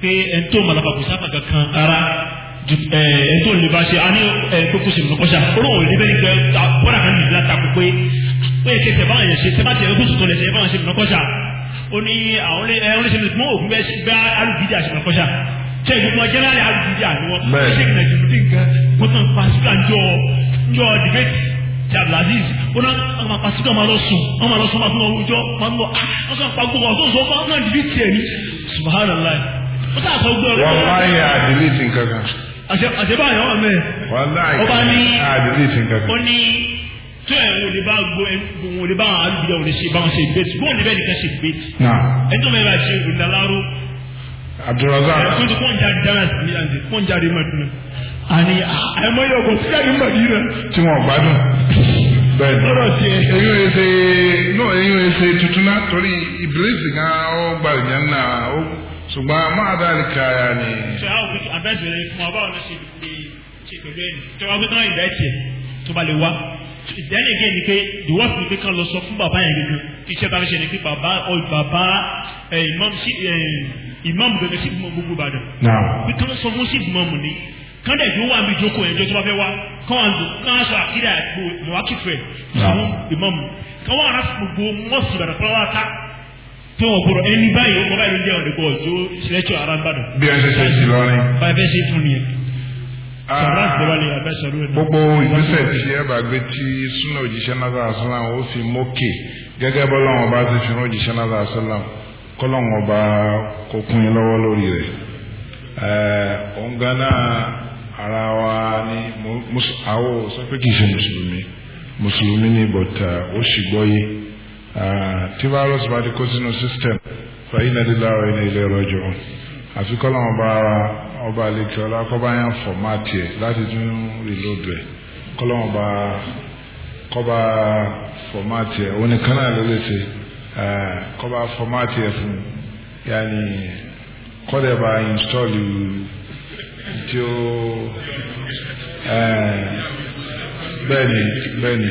pé ẹni tó màlàkà kò sábà kankan ara ẹni tó lè bá ṣe a ní kókó ṣe mọ̀kọ́ṣà ó lóun ò lè bẹ́ẹ̀ ní pé bọ́dà kan nìyí látakò pé wọ́n yẹ kí ẹsẹ̀ báwọn yẹn ṣe ṣe bá tiẹ̀ lókùsù tó lẹ̀ ṣe báwọn ṣe mọ̀ kọ́ṣà ó ní àwọn oníṣẹ́ mi mọ́ òkú bẹ́ẹ̀ gbá alùpìdí àṣẹ mọ̀ kọ́ṣà ṣe ìgbìmọ̀ jẹ́nẹ́rì alùpìdí àníwọ̀ ṣe kìnnà jùlọ nǹkan kó tán pa síkà jọ jọ dìbẹ́tì ti abdulaziz ó ná àwọn wọ́n máa yẹ ah, àdìlítì nǹkan kan. àṣẹ àṣẹ báyọ̀ ọ̀mẹ́. wọ́n náà àdìlítì nǹkan kan. ó ní tí ẹ̀wọ̀n lè bá gbọ́ ẹ̀wọ̀n ò lè bá àwọn alùpùpù lè ṣe báwọn ṣe gbé bóun lè bẹ́ẹ̀ nìkan ṣe gbé. ẹjọ́ mi bá ṣe ìdáláró. Abdulrazak. ẹ̀kọ́ tó kọ́ńjà dára sí àti kọ́ńjà rẹ̀ mọ̀tún. àní àìmọye ọkọ̀ sí àyè mọ̀dínà. tí wọn gbádùn. bẹ́ẹ̀ ni lọ́dọ̀ tiẹ̀. eyín o ṣe ṣe tuntun náà torí Iblis gan ó ṣùgbọ́n máa dá ní káyà ìdẹ́nìkẹ́ ni pé ìwọ́sì ni pé kán lọ sọ fún bàbá yẹn gbogbo iṣẹ́ bá fi ṣe ni pé bàbá ọ bàbá ìmáàmù gẹ́gẹ́ sí gbogbo Ìbàdàn. bí kán sọ fún sí ìmáàmù ni kán dẹ̀ yóò wà níbi ìjókòó ẹ̀jọ́ tó bá fẹ́ wá kán wà lò kán aṣọ àkídà àgbo mọ̀wákì fẹ̀ fún ìmáàmù kán wà rà gbogbo mọ́sì Ìbàdàn pọ́nlá ta tó wọn kúrò ẹni báyìí ọmọ báyìí ló ń jẹ́ ọ̀dẹ́gbọ̀ ọ̀jọ́ sílẹ̀tọ̀ arábàdàn. bí ẹ ṣe ṣe ṣe fún Ah, gbogbo ìgbésẹ̀ tí ẹ bá gbé tí súnà òjíṣẹ́ náà sàlám ó fi mókè gẹ́gẹ́ bọ́lọ́wọ́n bá ti fi rán òjíṣẹ́ náà sàlám kọ́lọ́wọ́n bá kó kún yín lọ́wọ́ lórí rẹ̀ eh, òun gánà ara wa ni àwọ̀ sọ pé kì í ṣe mùsùlùmí mùsùlùmí ni bọ̀tà eh, ó sì gbọ́ yé eh, tí virus bá ti kó sínú system fàyínà lílá ọ̀rẹ́ ilé rọ̀jọ̀ àfikọ́lọ́wọ́n bá ara ọba àlejò ọlákọ́bá yẹn fọ̀mátì ẹ̀ láti tún rìlóòdù ẹ̀ kọ́lọ́mù ọba kọ́ba fọ̀mátì ẹ̀ òun nìkan náà ló lè ṣe kọ́ba fọ̀mátì ẹ̀ fún yàní kọ́dẹ̀bà ìnstọ́ọ̀lù tí ó bẹ́ẹ̀ni bẹ́ẹ̀ni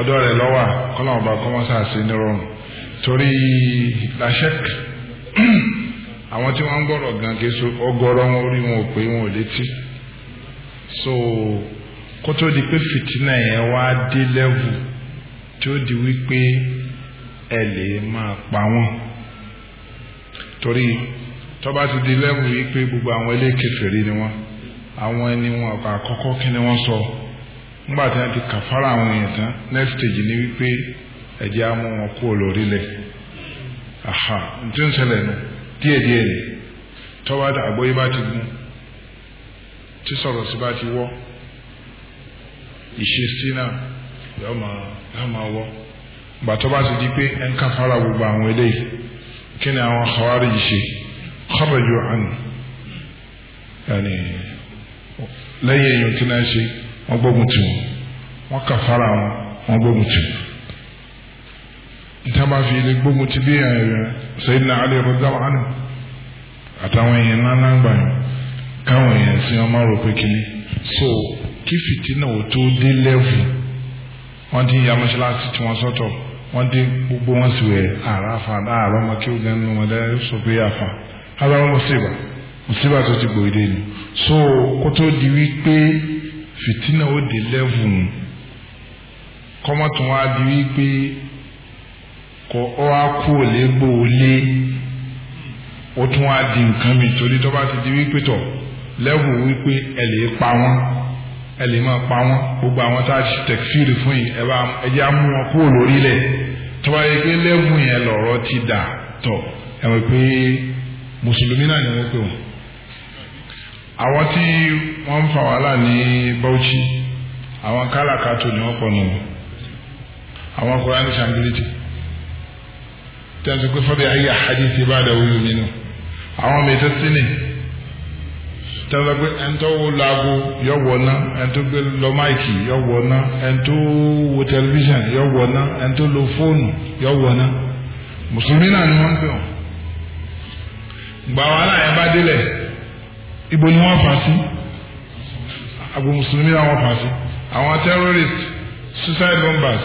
ọ̀dọ̀ rẹ̀ lọ́wà kọ́lọ́mù ọba kọ́mọ́sà sí nírọ̀rùn torí làṣẹ́kì. àwọn tí wọ́n ń gbọ́rọ̀ gan kì í so ọgọ́rọ́ wọn orí wọn ò pé wọn ò létí so kó tó di pé fìtínà yẹn wá dé lẹ́wù tí ó di wípé ẹ lè máa pa wọn torí tó bá ti di lẹ́wù wípé gbogbo àwọn ilé kèfèrí ni wọn àwọn ẹni wọn àkọ́kọ́ kí ni wọ́n sọ nígbà tí wọ́n ti kàfárà àwọn èèyàn tán next stage ni wípé ẹ̀jẹ̀ á mú wọn kú kúrò lórílẹ̀ aha n tí ń ṣẹlẹ̀ nù. díẹ̀díẹ̀ ni tọ́wádà àgbọ́yé bá ti gún tí sọ̀rọ̀ sí bá ti wọ́ ìṣesí náà yọ máa wọ́ gbà tó bá ti di pé fara gbogbo àwọn eléyìí kí ni àwọn àwárí yìí ṣe kọ́rọ̀jù àná yàní lẹ́yìn èèyàn kí náà ṣe wọ́n gbógun fara wọn wọ́n gbógun tì ìtàn bá fi ilé gbógun ti bí Sayyidina Ali radiyallahu anhu àtàwọn èèyàn nánà ń gbàyàn káwọn èèyàn sí wọn máa rò pé kínní so kí fìtínà ò tó dé lẹ́fù wọ́n ti ń ya mọ́ṣáláṣí tí wọ́n sọ́tọ̀ wọ́n dé gbogbo wọn sì wẹ̀ àrà àfà àrà ọmọ kí ó dẹnu wọn dẹ́ sọ pé àfà ara wọn mùsíbà mùsíbà tó ti gbòde ni so kó tó di wípé fìtínà ó dé lẹ́fù kọ́mọ́tún wá di wípé kọ ọ wá kú òlé gbó olé ó tún wá di nǹkan mi torí tó bá ti di wípé tọ̀ lẹ́wù wípé ẹ lè pa wọ́n ẹ lè máa pa wọ́n gbogbo àwọn tá a ti tẹ̀kfíìrì fún yìí ẹ bá ẹ jẹ́ amú wọn kúrò lórílẹ̀ tó bá yẹ pé lẹ́wù yẹn lọ̀rọ̀ ti dà tọ̀ ẹ mọ̀ pé mùsùlùmí náà ni wọ́n pè wọ́n àwọn tí wọ́n ń fa wàhálà ní Bauchi àwọn kálàkátó ni wọ́n pọ̀ nù àwọn Kùránì sangiriti tí a sọ pé fọbi ayé àhádìsí bá dà wúlò nínú àwọn ọmọ ètò sínú tí a sọ pé ẹnitọ́ wo laago yọ wọ̀ ná ẹnitọ́ gbé lọ máìkì yọ wọ̀ ná ẹnitọ́ wo tẹlifíṣàn yọ wọ̀ ná ẹnitọ́ lo fóònù yọ wọ̀ ná mùsùlùmí náà ni wọ́n ń pè wọ́n wàhálà yẹn bá délẹ̀ ibo ni wọ́n fà sí àbò mùsùlùmí náà wọ́n fà sí àwọn terrorist suicide bombers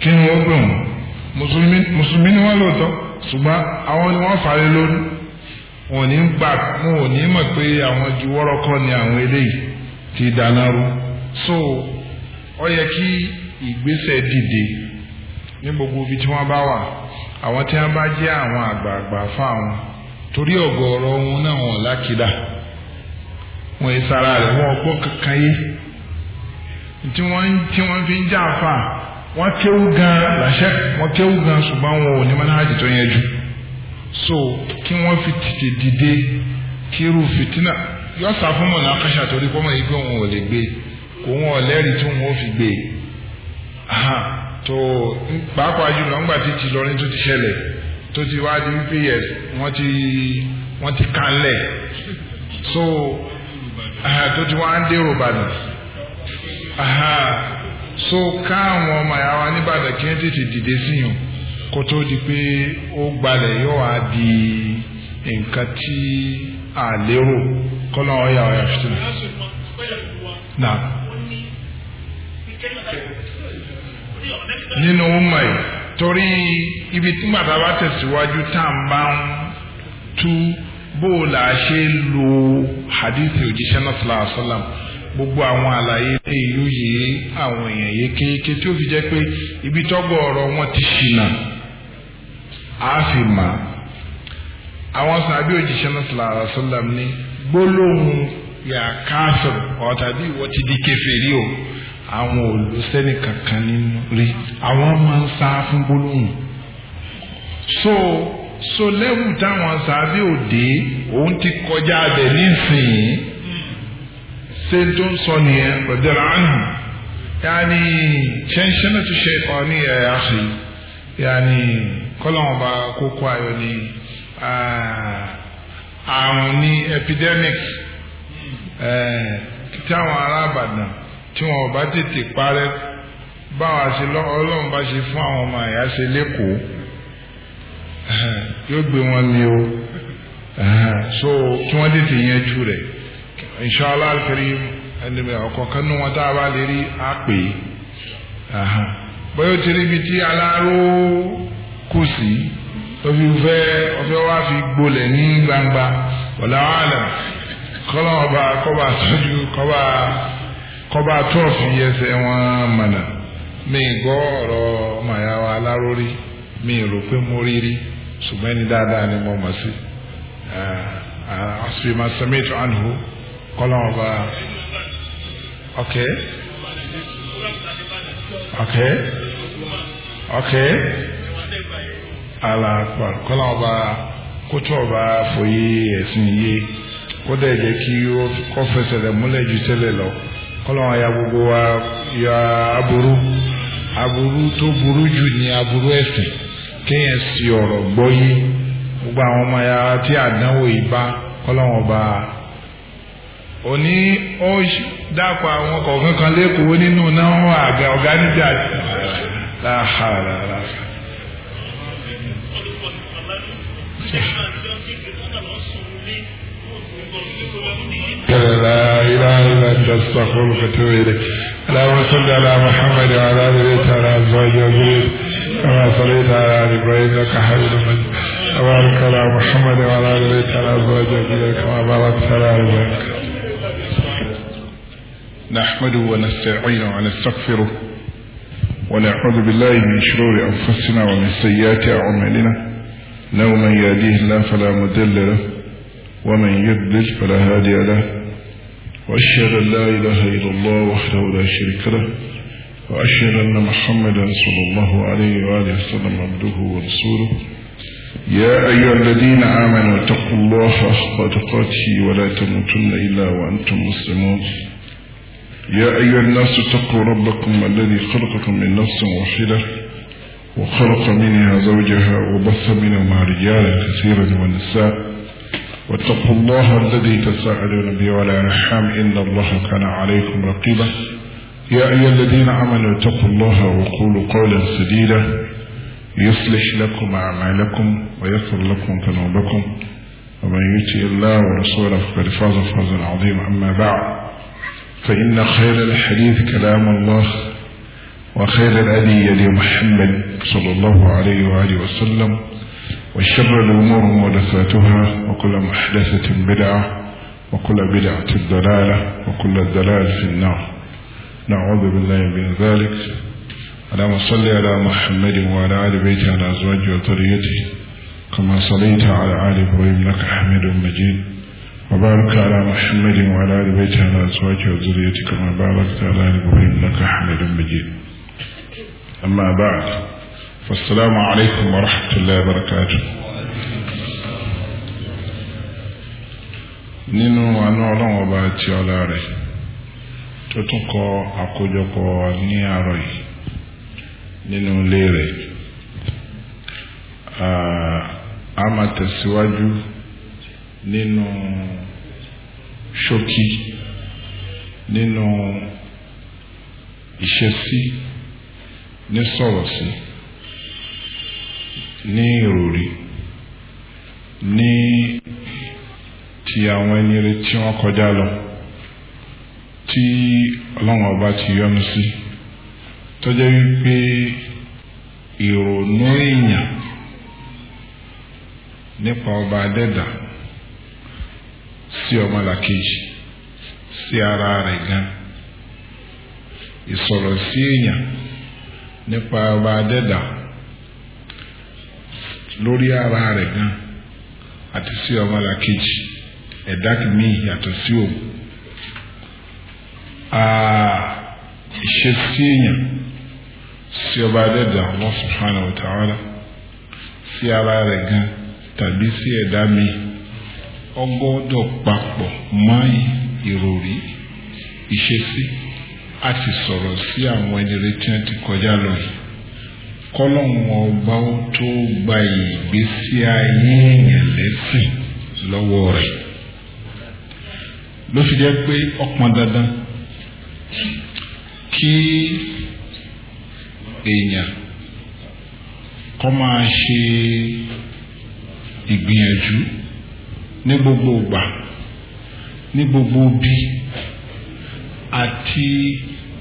kí ni wọ́n pè wọ́n. mùsùlùmí ni wọ́n lóòótọ́ ṣùgbọ́n àwọn ni wọ́n fàlẹ́ lori wọn ò ní gbà wọn ò ní mọ̀ pé àwọn ju ni àwọn eléyìí ti dáná ru so ọ yẹ kí ìgbésẹ̀ dìde ní gbogbo ibi tí wọ́n bá wà àwọn tí wọ́n bá jẹ́ àwọn àgbààgbà fáwọn torí ọ̀gọ̀ọ̀rọ̀ wọn náà wọn wọn ìsara rẹ̀ wọn ọgbọ́n kankan yé tí wọ́n fi ń wọ́n kéwú gan làṣẹ wọ́n kéwú gan ṣùgbọ́n wọn ò ní manhaj tó yẹn jù so kí wọ́n fi tètè dìde kírú fìtínà yọ sá fún mọ̀nà akásà torí pọ́nmọ́ yìí pé òun ò lè gbé kò wọn ò lẹ́rìí tí òun ò fi gbé tó pàápàá jùlọ ńgbà tí ti lọrin tó ti ṣẹlẹ̀ tó ti wá di wípé yẹ wọ́n ti wọ́n ti kanlẹ̀ so tó ti wá ń dérò Ìbàdàn so káwọn ọmọ ìyá wa nìbàdàn kí wọ́n tètè dìde sí yàn kó tó di pé ó gbalẹ̀ yóò wá di nǹkan tí a lérò kọ́nà ọ̀yà ọ̀yà fìtínà. nínú ọmọ yìí torí ibi tí bàtà bá tẹ̀síwájú tá à ń bá ń tú bó o là ṣe lo hadith òjíṣẹ́ náà sallallahu alaihi gbogbo àwọn àlàyé tí ìlú yìí àwọn èèyàn yékéyéké tí ó fi jẹ́ pé ibi tọ́gbọ̀ ọ̀rọ̀ wọn ti ṣìnà á fi mà á. àwọn sàbí òjìṣẹ́ náà sọ̀rọ̀ àràsọ́làm ní gbólóhùn yà káfíìn ọ̀tàbí ìwọ ti di kèfèrí o àwọn olùsẹ́ni kankan nínú rí àwọn máa ń sá fún gbólóhùn. so so lẹ́wù táwọn sàbí òde òun ti kọjá abẹ nísìnyí ṣe tó ń sọ nìyẹn rọ̀dẹ̀rẹ̀ àánú yaani ṣẹ́ńṣẹ́nà tó ṣe ọ̀ ní ẹ̀ àṣẹ yaani kọ́lọ́wọ́n bá kókó ayọ̀ ní àrùn ní epidemic tí àwọn ará àbàdàn tí wọn bá tètè parẹ́ báwa ṣe ọlọ́run bá ṣe fún àwọn ọmọ àyà ṣe lẹ́kọ̀ọ́ yóò gbé wọn lé o so kí wọ́n tètè yanjú rẹ̀. inshallah alkarim ẹnìmẹ ọ̀kọ̀ọ̀kan nínú wọn tá a bá lè rí a bóyá o ti rí ibi tí aláró kù sí tóbi fẹ́ wá fi gbolẹ̀ ní gbangba ọ̀làwàlà ọba tó fi wọn mi rí mi rò pé mo rí rí ṣùgbọ́n ẹni kọ́lọ́wọ́n bá ok ok ok alakpa kọ́lọ́wọ́n bá kótó ọba fòye ẹ̀sìn yé kó dẹ̀ jẹ́ kí ó fẹsẹ̀ rẹ̀ múlẹ̀ ju tẹ́lẹ̀ lọ kọ́lọ́wọ́n ya gbogbo wa ya aburú aburú tó burú jù ní aburú ẹ̀sìn kéèyàn sì ọ̀rọ̀ gbọ́yé gbogbo àwọn ọmọ ya tí àdánwò yìí bá kọ́lọ́wọ́n òní ó dàpọ̀ àwọn kọ̀ọ̀kan kan lẹ́kọ̀ọ́ nínú náà àgbà ọ̀gá níbi àti láhàrá. لا إله إلا أنت أستغفرك وأتوب إليك اللهم صل على محمد وعلى آل بيته وعلى أزواجه وذريته كما صليت على آل إبراهيم إنك حميد مجيد وبارك على محمد وعلى آل بيته وعلى أزواجه وذريته كما باركت على آل إبراهيم نحمده ونستعينه ونستغفره ونعوذ بالله من شرور أنفسنا ومن سيئات أعمالنا لو من يهديه الله فلا مضل له ومن يضلل فلا هادي له وأشهد أن لا إله إلا الله وحده لا شريك له وأشهد أن محمدا صلى الله عليه وآله وسلم عبده ورسوله يا أيها الذين آمنوا اتقوا الله حق تقاته ولا تموتن إلا وأنتم مسلمون يا أيها الناس اتقوا ربكم الذي خلقكم من نفس واحدة وخلق منها زوجها وبث منهما رجالا كثيرا ونساء واتقوا الله الذي تساءلون به ولا أرحام إن الله كان عليكم رقيبا يا أيها الذين آمنوا اتقوا الله وقولوا قولا سديدا يصلح لكم أعمالكم ويغفر لكم ذنوبكم ومن يطع الله ورسوله فقد فاز فوزا عظيما أما بعد فإن خير الحديث كلام الله وخير الهدي هدي محمد صلى الله عليه وآله وسلم وشر الأمور محدثاتها وكل محدثة بدعة وكل بدعة ضلالة وكل الضلال في النار نعوذ بالله من ذلك اللهم صل على محمد وعلى آل بيته على أزواجه وذريته كما صليت على آل إبراهيم إنك حميد مجيد وبارك على محمد وعلى آل بيته على أزواجه وذريته كما باركت على آل إبراهيم إنك حميد مجيد أما بعد فالسلام عليكم ورحمة الله وبركاته nínú àánú ọlọ́run ọba àti ọlá rẹ̀ tó tún kọ àkójọpọ̀ ní àárọ̀ yìí nínú ilé rẹ̀ a máa tẹ̀síwájú nínú ṣókí nínú ìṣesí ní sọ̀rọ̀ sí ní ìròrí ní ti àwọn ẹni tí wọ́n kọjá lọ tí ọlọ́run ọba ti yọ́nú sí. Si tọ́jọ́ wípé ìrònú èèyàn nípa ọba adẹ́dà sí ọmọlàkejì sí ara rẹ̀ gan ìsọ̀rọ̀ sí èèyàn nípa ọba adẹ́dà lórí ara rẹ̀ gan àti sí ọmọlàkejì ẹ̀dá kìíní yàtọ̀ sí òun ìṣesí èèyàn sí ọba adẹ́dà Allah subhanahu wa ta'ala sí ara rẹ̀ gan tàbí sí ẹ̀dá mi ó gbọ́dọ̀ papọ̀ mọ́ ìròrí ìṣesí a sì sọ̀rọ̀ sí àwọn ẹnìrè tí wọ́n ti kọjá lọ yìí kọ́lọ́hún ọba ó tó gba ìgbésí ayé èèyàn lẹ́sìn lọ́wọ́ rẹ̀ ló fi jẹ́ pé ó dandan kí èèyàn kọ́ máa ṣe ìgbìyànjú ní gbogbo ìgbà ní gbogbo bí àti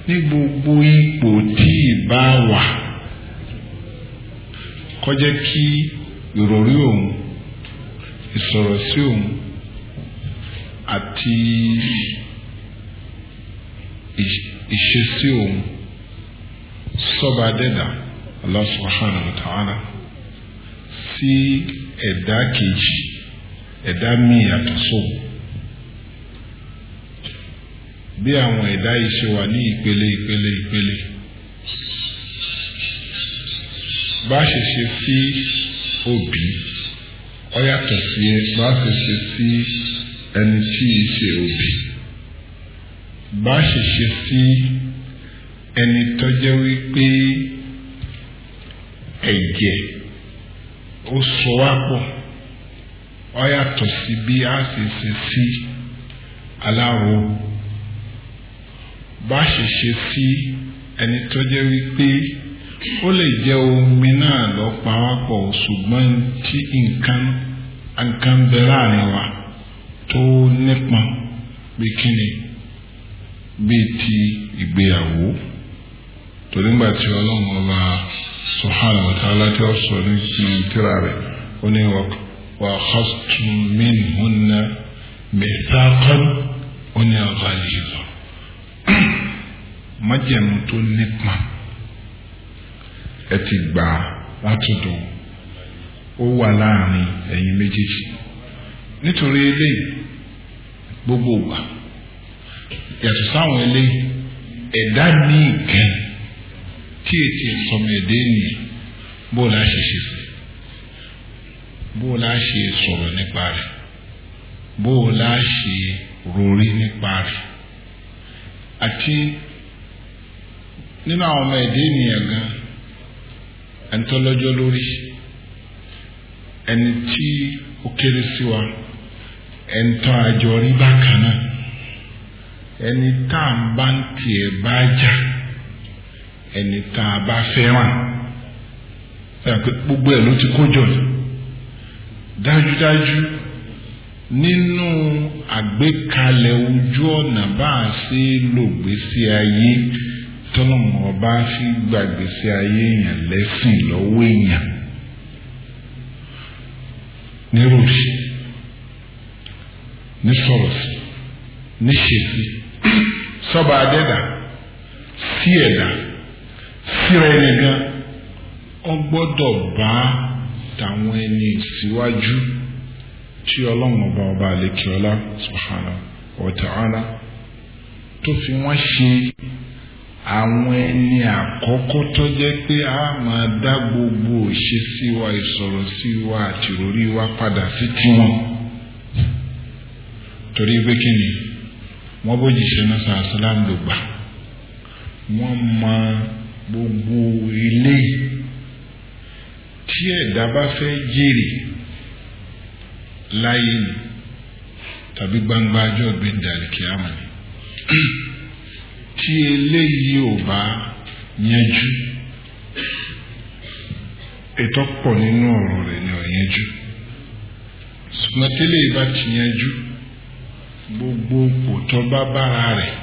ní gbogbo ipò tí ìbá wà kó kí ìròrí òun ìsọ̀rọ̀ sí òun àti ìṣesí òun. sọ́ba dẹ́dà Allah subhanahu wa ta'ala sí ẹ̀dá kejì ẹ̀dá míì yàtọ̀ sóhun bí àwọn ẹ̀dá yìí ṣe wà ní ìpele ìpele ìpele bá ṣe ṣe sí òbí ó sí ẹ bá ṣe ṣe sí ẹni tí ì ṣe òbí bá ṣe ṣe sí. Si ẹni tọ́jẹ́ wípé ẹ̀jẹ̀ ó so wá pọ̀ ó yàtọ̀ sí bí a ṣe ṣe sí aláwo bá ṣe ṣe sí ẹni tọ́jẹ́ wípé ó lè jẹ́ omi náà lọ pa wá pọ̀ ṣùgbọ́n tí nǹkan bẹ láàrin wa tó nípọn bí kíni bíi ti ìgbéyàwó torí ńgbà tí ọlọ́run ọba sọ̀hánà wàtálá tí ó sọ ní tíra rẹ̀ ó ní wà kọ́sùtùm mín húnna mẹ́tàkọ́n ó ní ọ̀gáàlì ìlọ. májẹ̀mú tó nípa ẹ ti gbà látọ̀dọ̀ ó wà láàrin ẹ̀yin méjèèjì nítorí eléyìí gbogbo wa yàtọ̀ sáwọn eléyìí ẹ̀dá ní ìkẹyìn tí ètí ẹ̀sọ́mọ èdè nìyẹn bó la ṣe ṣe sí bó la ṣe sọ̀rọ̀ nípa rẹ̀ bó la ṣe rori nípa rẹ̀ àti nínú àwọn ọmọ èdè nìyẹn gan ẹni lórí ẹni tí ó kéré sí wa ẹni àjọ rí bákan náà ẹni tá à ń bá ń tiẹ̀ bá jà. ẹni tá a bá fẹ́ràn gbogbo ẹ̀ ló ti dájúdájú nínú àgbékalẹ̀ ojú ọ̀nà bá a ṣe ayé ọba fi gbàgbésí ayé èèyàn lẹ́sìn lọ́wọ́ èèyàn níròsì nísọ̀rọ̀sì níṣèṣì sọ́ba adẹ́dà sí ẹ̀dá. síra ẹni gan wọ́n gbọ́dọ̀ bá tàwọn ẹni síwájú tí ọlọ́run ọba ọba àlekíọ́lá subhanahu wa tó fi wọ́n ṣe àwọn ẹni àkọ́kọ́ tó jẹ́ pé a máa dá gbogbo òṣè sí wa ìsọ̀rọ̀ sí wa àti ìròrí wa padà sí tiwọn torí pé kí ni wọ́n bójì ṣe náà sàásálàm ló gbà wọ́n máa gbogbo ilé tí ẹ̀dá bá fẹ́ jèrè láyé ni tàbí gbangba ajọ́ gbẹ̀ndàlì kìámà ni tí eléyìí ò bá yanjú ètò pọ̀ nínú ọ̀rọ̀ rẹ̀ ni ò yanjú ṣùgbọ́n tẹ́lẹ̀ bá ti yanjú gbogbo kò tọ́ bá bára rẹ̀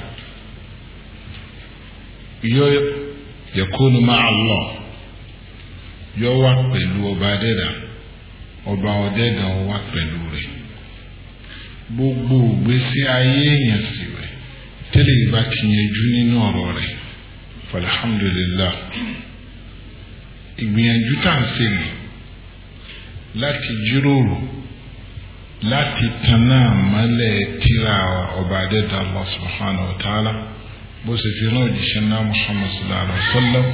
yọ yakunu ma'a Allah yóò wà pẹ̀lú ọba adẹ́dà ọba ọdẹ́dà ó wà pẹ̀lú rẹ̀ gbogbo ìgbésí ayé èèyàn sì rẹ̀ tẹ́lẹ̀ ìbá ti yanjú nínú ọ̀rọ̀ rẹ̀ falhamdulillah ìgbìyànjú tá à ń ṣe lè láti jíròrò láti tanná àmọ́lẹ̀ tíra ọba adẹ́dà Allah subhanahu wa ta'ala bó ṣe fi rán òjíṣẹ́ muhammad sallallahu alaihi wa sallam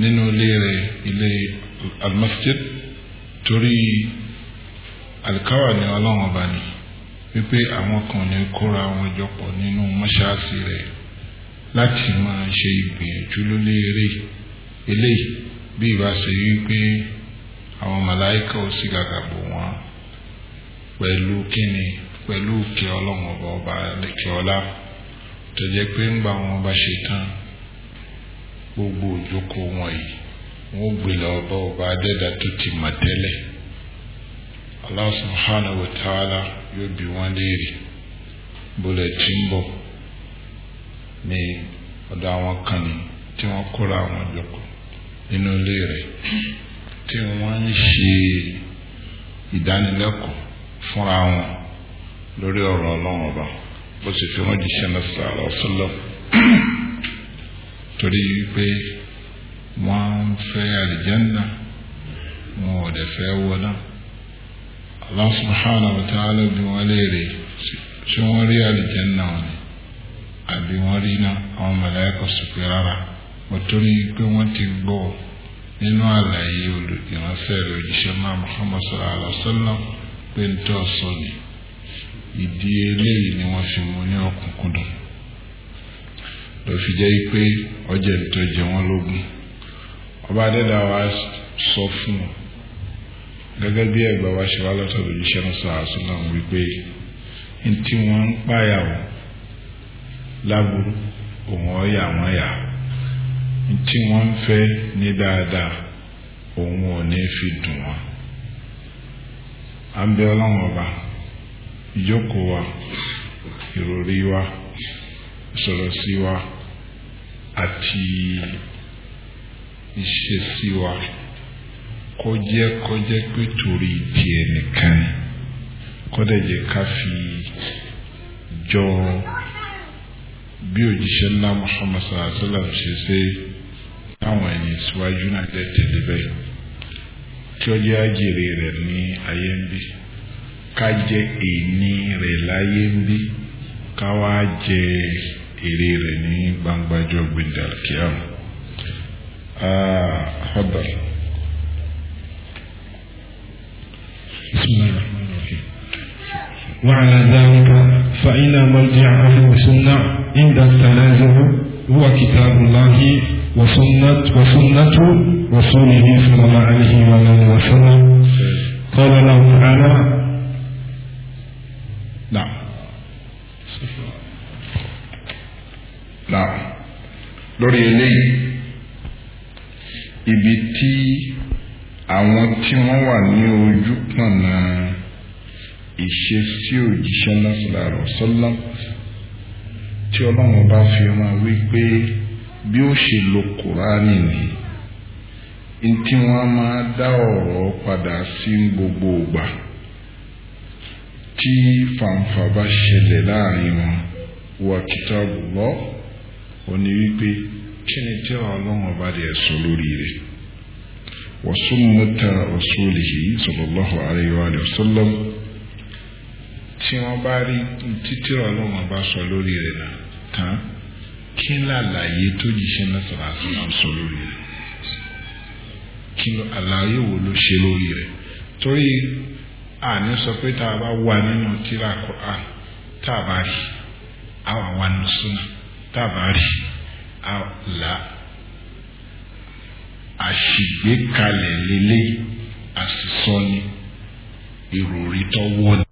nínú ilé rẹ̀ ilé almasjid torí alikawa ni ọlọ́run ọba ni wípé àwọn kan ní kóra wọn jọpọ̀ nínú mọ́ṣáláṣí rẹ̀ láti máa ṣe ìgbìyànjú lólé eré eléyìí bí ìbá ṣe wípé àwọn màláìka ò sí gàgà bò wọ́n pẹ̀lú kíni pẹ̀lú kí ọlọ́run ọba ọba kí ọlá. tó pé ń gba wọn bá ṣe tán gbogbo òjókòó wọn yìí wọn ò gbé lọ ọba adẹ́dà tó ti mà tẹ́lẹ̀ yóò bi wọn léèrè bólẹ̀ tí ń bọ̀ ní ọ̀dọ̀ àwọn kan ní tí wọ́n kóra àwọn nínú ilé rẹ̀ tí wọ́n ń ṣe ìdánilẹ́kọ̀ọ́ wọn lórí bó ṣe fi wọ́n jíṣẹ́ náà sàrọ̀ sọ́lọ̀ torí pé wọ́n ń fẹ́ àlìjánná wọn ò dẹ̀ fẹ́ wọná Allah subhanahu wa ta'ala bí wọ́n léèrè ṣé wọ́n rí àlìjánná wọn ni àbí wọ́n rí iná àwọn màláíkà sọ pé rárá mo torí pé wọ́n ti gbọ́ nínú àlàyé olùdíwọ̀nsẹ̀ rẹ̀ òjíṣẹ́ máa Muhammad sallallahu alaihi wa pé ń tọ́ sọ ìdí eléyìí ni wọ́n fi mú ní ọ̀kúnkúndùn ló fi jẹ́ pé ọjà tó jẹ wọ́n lógún ọba adẹ́dá wa sọ fún gẹ́gẹ́ bí ẹgbà wa ṣe wá lọ́tọ̀ lójú iṣẹ́ náà náà wípé n tí wọ́n ń pààyà o òun wọn yà tí wọ́n ń fẹ́ ní dáadáa òun ò ìjókòó wa ìròrí wa ìsọ̀rọ̀ sí wa àti ìṣesí wa kọjẹ́ kọjẹ́ pé torí ti ẹnìkan kọ́dẹ̀jẹ̀ ká fi jọ bí òjíṣẹ́ ńlá Muhammad sàlásàlá ṣe ṣe táwọn ẹ̀yìn síwájú náà jẹ́ tẹ̀lé bẹ́ẹ̀ tí ó jẹ́ rẹ̀ ní ayé ń bí ká jẹ èní rẹ̀ láyé ń bí ká wá jẹ èrè rẹ̀ ní gbangbajọ́ gbẹdàkíyàm. Hadar. وعلى ذلك فإن مرجعه وسنة عند التنازع هو كتاب الله وسنة وسنة رسوله صلى الله عليه وسلم قال الله تعالى náà lórí eléyìí ibi tí àwọn tí wọ́n wà ní ojú pọ̀nà ìṣesí òjíṣẹ́ lásìlárọ̀ sọ́lá tí ọlọ́run bá fi máa wí pé bí ó ṣe lo kùránì nìyí tí wọ́n máa dá ọ̀rọ̀ padà sí gbogbo ìgbà tí fàǹfà bá ṣẹlẹ̀ láàrin wọn wà kìtàbù lọ ó ní wípé kí ni tí ọlọ́run ọba rẹ̀ sọ lórí rẹ̀ wa sunnata rasulihi sallallahu alayhi wa sallam tí wọ́n bá rí títí ọlọ́run ọba sọ lórí rẹ̀ náà tán kí làlàyé tó jíṣẹ́ náà sọ̀rọ̀ àṣìlá sọ lórí rẹ̀ kí àlàyé wo ló ṣe lórí rẹ̀ torí àní sọ pé tá a bá wà nínú tírà Qur'an tá a bá rí àwọn àwọn ànú súnà tábàárì àlà àṣìgbékalẹ̀ lélẹ̀ àṣìsọ ni ìròrí tọ́wọ́ ni.